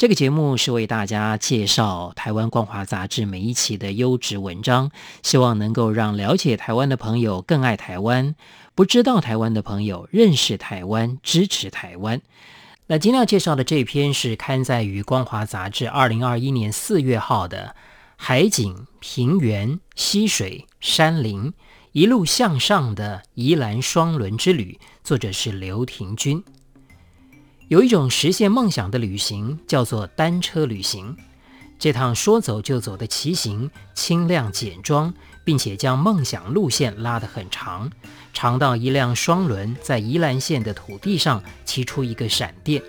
這個節目是為大家介紹台灣光華雜誌每一期的優質文章，希望能夠讓了解台灣的朋友更愛台灣，不知道台灣的朋友認識台灣，支持台灣。那今天要介紹的這篇是刊載於光華雜誌二零二一年四月號的《海景平原溪水山林一路向上的宜蘭雙輪之旅》，作者是劉亭均。有一種實現夢想的旅行，叫做單車旅行。這趟說走就走的騎行，輕量簡裝，並且將夢想路線拉得很長，長到一輛雙輪在宜蘭縣的土地上騎出一個閃電，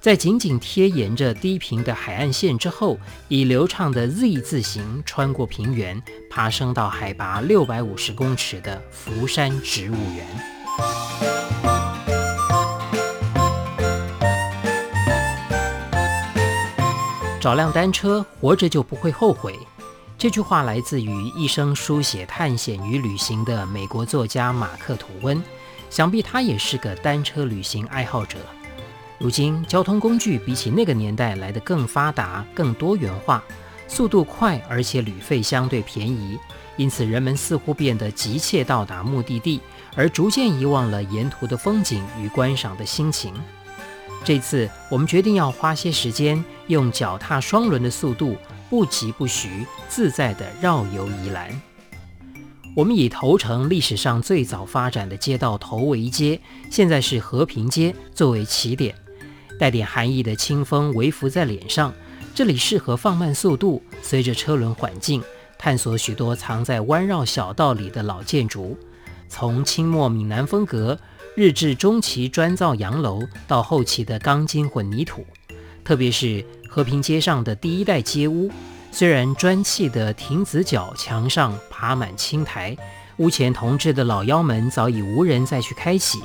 在緊緊貼沿着低平的海岸線之後，以流暢的 Z 字形穿過平原，爬昇到海拔六百五十公尺的福山植物園。找輛單車，活着就不會後悔。這句話來自於一生書寫探險與旅行的美國作家馬克·吐溫，想必他也是個單車旅行愛好者。如今，交通工具比起那個年代來得更發達、更多元化，速度快，而且旅費相對便宜，因此人們似乎變得急切到達目的地，而逐漸遺忘了沿途的風景與觀賞的心情。這次我們決定要花些時間，用腳踏雙輪的速度，不疾不徐、自在地繞遊宜蘭。我們以頭城歷史上最早發展的街道頭圍街，現在是和平街，作為起點。帶點寒意的清風微拂在臉上，這裡適合放慢速度，隨着車輪緩進，探索許多藏在彎繞小道裡的老建築，從清末閩南風格。日治中期磚造洋樓到後期的鋼筋混凝土，特別是和平街上的第一代街屋，雖然磚砌的亭仔腳牆上爬滿青苔，屋前同治的老腰門早已無人再去開啟，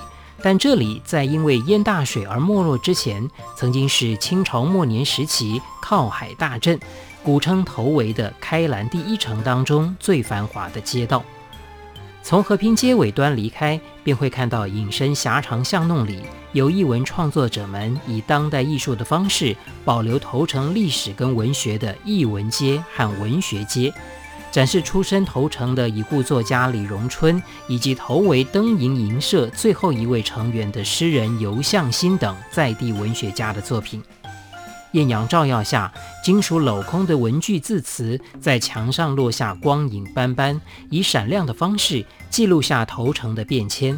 但這裡在因為淹大水而沒落之前，曾經是清朝末年時期靠海大鎮，古稱頭圍的開蘭第一城當中最繁華的街道。從和平街尾端離開。便會看到，隱身狹長巷弄裡，有藝文創作者們以當代藝術的方式，保留頭城歷史跟文學的藝文街和文學街，展示出身頭城的已故作家李榮春，以及頭圍登瀛吟社最後一位成員的詩人尤向新等在地文學家的作品。豔陽照耀下，金屬鏤空的文具字詞在牆上落下光影斑斑，以閃亮的方式記錄下頭城的變遷。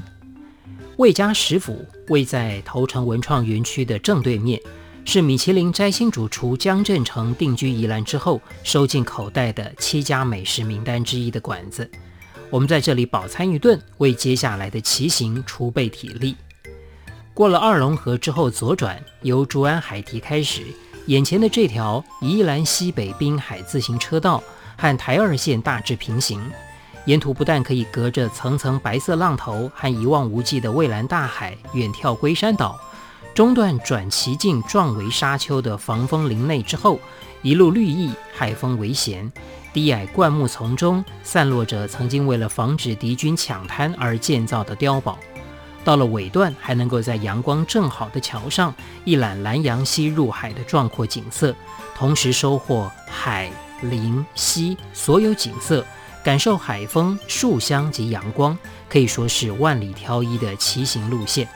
魏家食府位在頭城文創園區的正對面，是米其林摘星主廚江振誠定居宜蘭之後收進口袋的七家美食名單之一的館子。我們在這裡飽餐一頓，為接下來的騎行儲備體力。過了二龍河之後左轉，由竹安海堤開始，眼前的這條宜蘭西北濱海自行車道和台二線大致平行，沿途不但可以隔着層層白色浪頭和一望無際的蔚藍大海遠眺龜山島，中段轉騎進壯圍沙丘的防風林內之後，一路綠意，海風微鹹，低矮灌木叢中散落着曾經為了防止敵軍搶灘而建造的碉堡。到了尾段，還能夠在陽光正好的橋上一覽蘭陽溪入海的壯闊景色，同時收穫海、林、溪所有景色，感受海風、樹香及陽光，可以說是萬里挑一的騎行路線。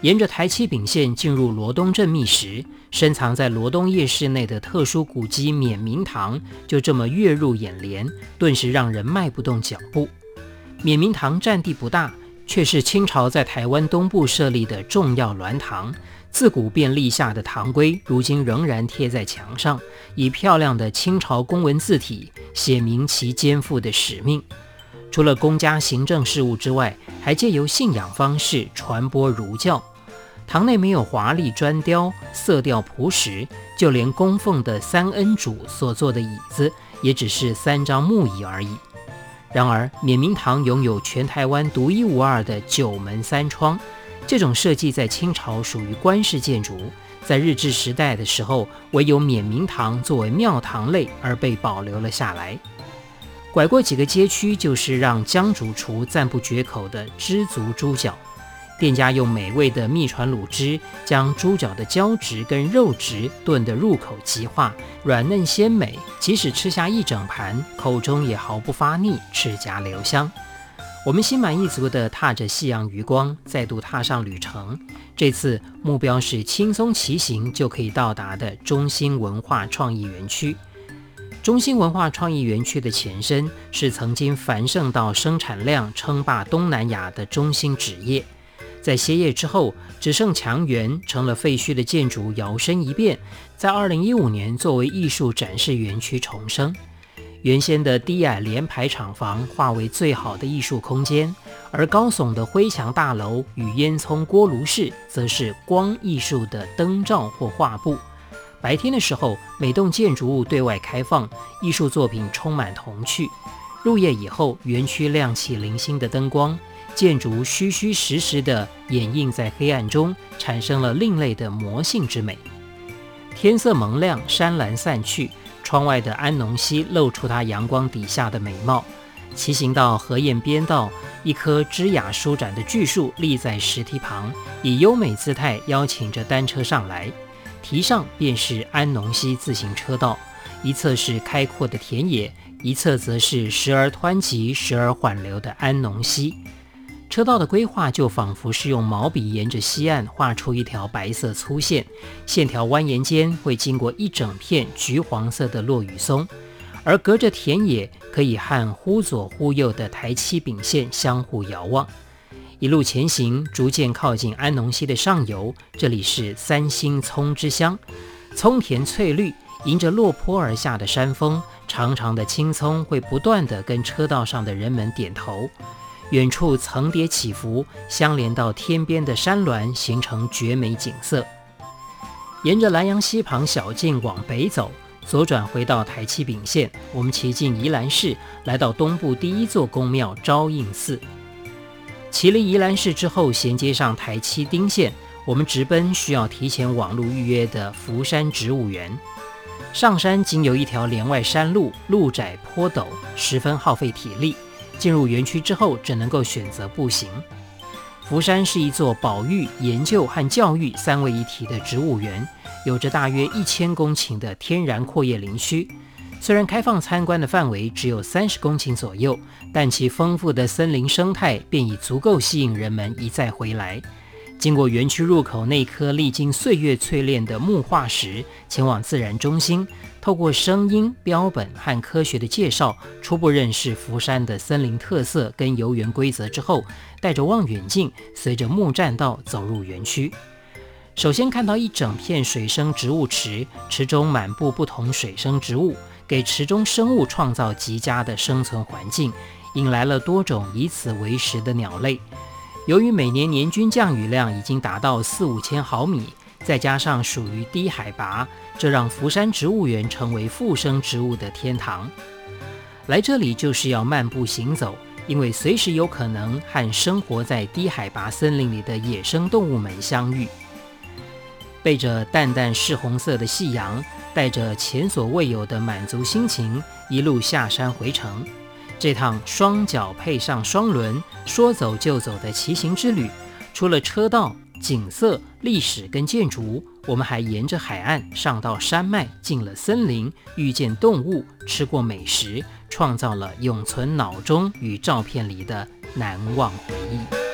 沿着台七丙線進入羅東鎮覓食，深藏在羅東夜市內的特殊古蹟勉民堂，就這麼躍入眼簾，頓時讓人邁不動腳步。勉民堂佔地不大。卻是清朝在台灣東部設立的重要鸞堂，自古便立下的堂規，如今仍然貼在牆上，以漂亮的清朝公文字體寫明其肩負的使命。除了公家行政事務之外，還借由信仰方式傳播儒教。堂內沒有華麗磚雕，色調樸實，就連供奉的三恩主所坐的椅子，也只是三張木椅而已。然而，冕明堂擁有全台灣獨一無二的九門三窗，這種設計在清朝屬於官式建築，在日治時代的時候，唯有冕明堂作為廟堂類而被保留了下來。拐過幾個街區，就是讓江主廚讚不絕口的知足豬腳。店家用美味的祕傳滷汁，將豬腳的膠質跟肉質燉得入口即化，軟嫩鮮美。即使吃下一整盤，口中也毫不發膩，齒頰留香。我們心滿意足地踏着夕陽餘光，再度踏上旅程。這次目標是輕鬆騎行就可以到達的中興文化創意園區。中興文化創意園區的前身是曾經繁盛到生產量稱霸東南亞的中興紙業。在歇業之後，只剩牆垣成了廢墟的建築搖身一變，在2015年作為藝術展示園區重生。原先的低矮連排廠房化為最好的藝術空間，而高聳的灰牆大樓與煙囪鍋爐室則是光藝術的燈罩或畫布。白天的時候，每棟建築物對外開放，藝術作品充滿童趣；入夜以後，園區亮起零星的燈光。建築虛虛實實地掩映在黑暗中，產生了另類的魔性之美。天色蒙亮，山嵐散去，窗外的安農溪露出它陽光底下的美貌。騎行到河堰邊道，一棵枝椏舒展的巨樹立在石梯旁，以優美姿態邀請着單車上來。梯上便是安農溪自行車道，一側是開闊的田野，一側則是時而湍急、時而緩流的安農溪。車道的規劃就仿佛是用毛筆沿着溪岸畫出一條白色粗線，線條蜿蜒間會經過一整片橘黃色的落羽松，而隔着田野可以和忽左忽右的台七丙線相互遙望。一路前行，逐漸靠近安農溪的上游，這裡是三星蔥之鄉，蔥田翠綠，迎着落坡而下的山風，長長的青蔥會不斷地跟車道上的人們點頭。遠處層疊起伏、相連到天邊的山巒，形成絕美景色。沿着蘭陽溪旁小徑往北走，左轉回到台七丙線，我們騎進宜蘭市，來到東部第一座宮廟昭應寺。騎離宜蘭市之後，銜接上台七丁線，我們直奔需要提前網路預約的福山植物園。上山僅有一條連外山路，路窄坡陡，十分耗費體力。進入園區之後，只能夠選擇步行。福山是一座保育、研究和教育三位一體的植物園，有着大約一千公頃的天然闊葉林區。雖然開放參觀的範圍只有三十公頃左右，但其豐富的森林生態便已足夠吸引人們一再回來。經過園區入口那顆歷經歲月淬煉的木化石，前往自然中心，透過聲音、標本和科學的介紹，初步認識福山的森林特色跟遊園規則之後，帶着望遠鏡，隨着木棧道走入園區。首先看到一整片水生植物池，池中滿布不同水生植物，給池中生物創造極佳的生存環境，引來了多種以此為食的鳥類。由於每年年均降雨量已經達到四五千毫米，再加上屬於低海拔，這讓福山植物園成為附生植物的天堂。來這裡就是要漫步行走，因為隨時有可能和生活在低海拔森林裡的野生動物們相遇。背着淡淡柿紅色的夕陽，帶着前所未有的滿足心情，一路下山回城。這趟雙腳配上雙輪，說走就走的騎行之旅，除了車道、景色、歷史跟建築，我們還沿着海岸上到山脈，進了森林，遇見動物，吃過美食，創造了永存腦中與照片裡的難忘回憶。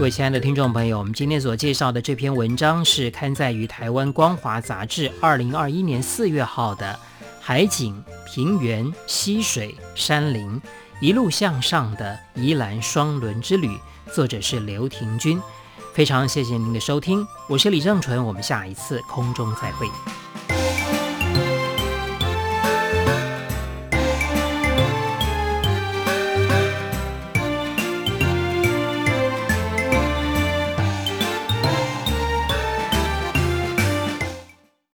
各位親愛的聽眾朋友，我們今天所介紹的這篇文章是刊載於台灣《光華》雜誌二零二一年四月號的《海景、平原、溪水、山林，一路向上的宜蘭雙輪之旅》，作者是劉亭均。非常謝謝您的收聽，我是李正純。我們下一次空中再會。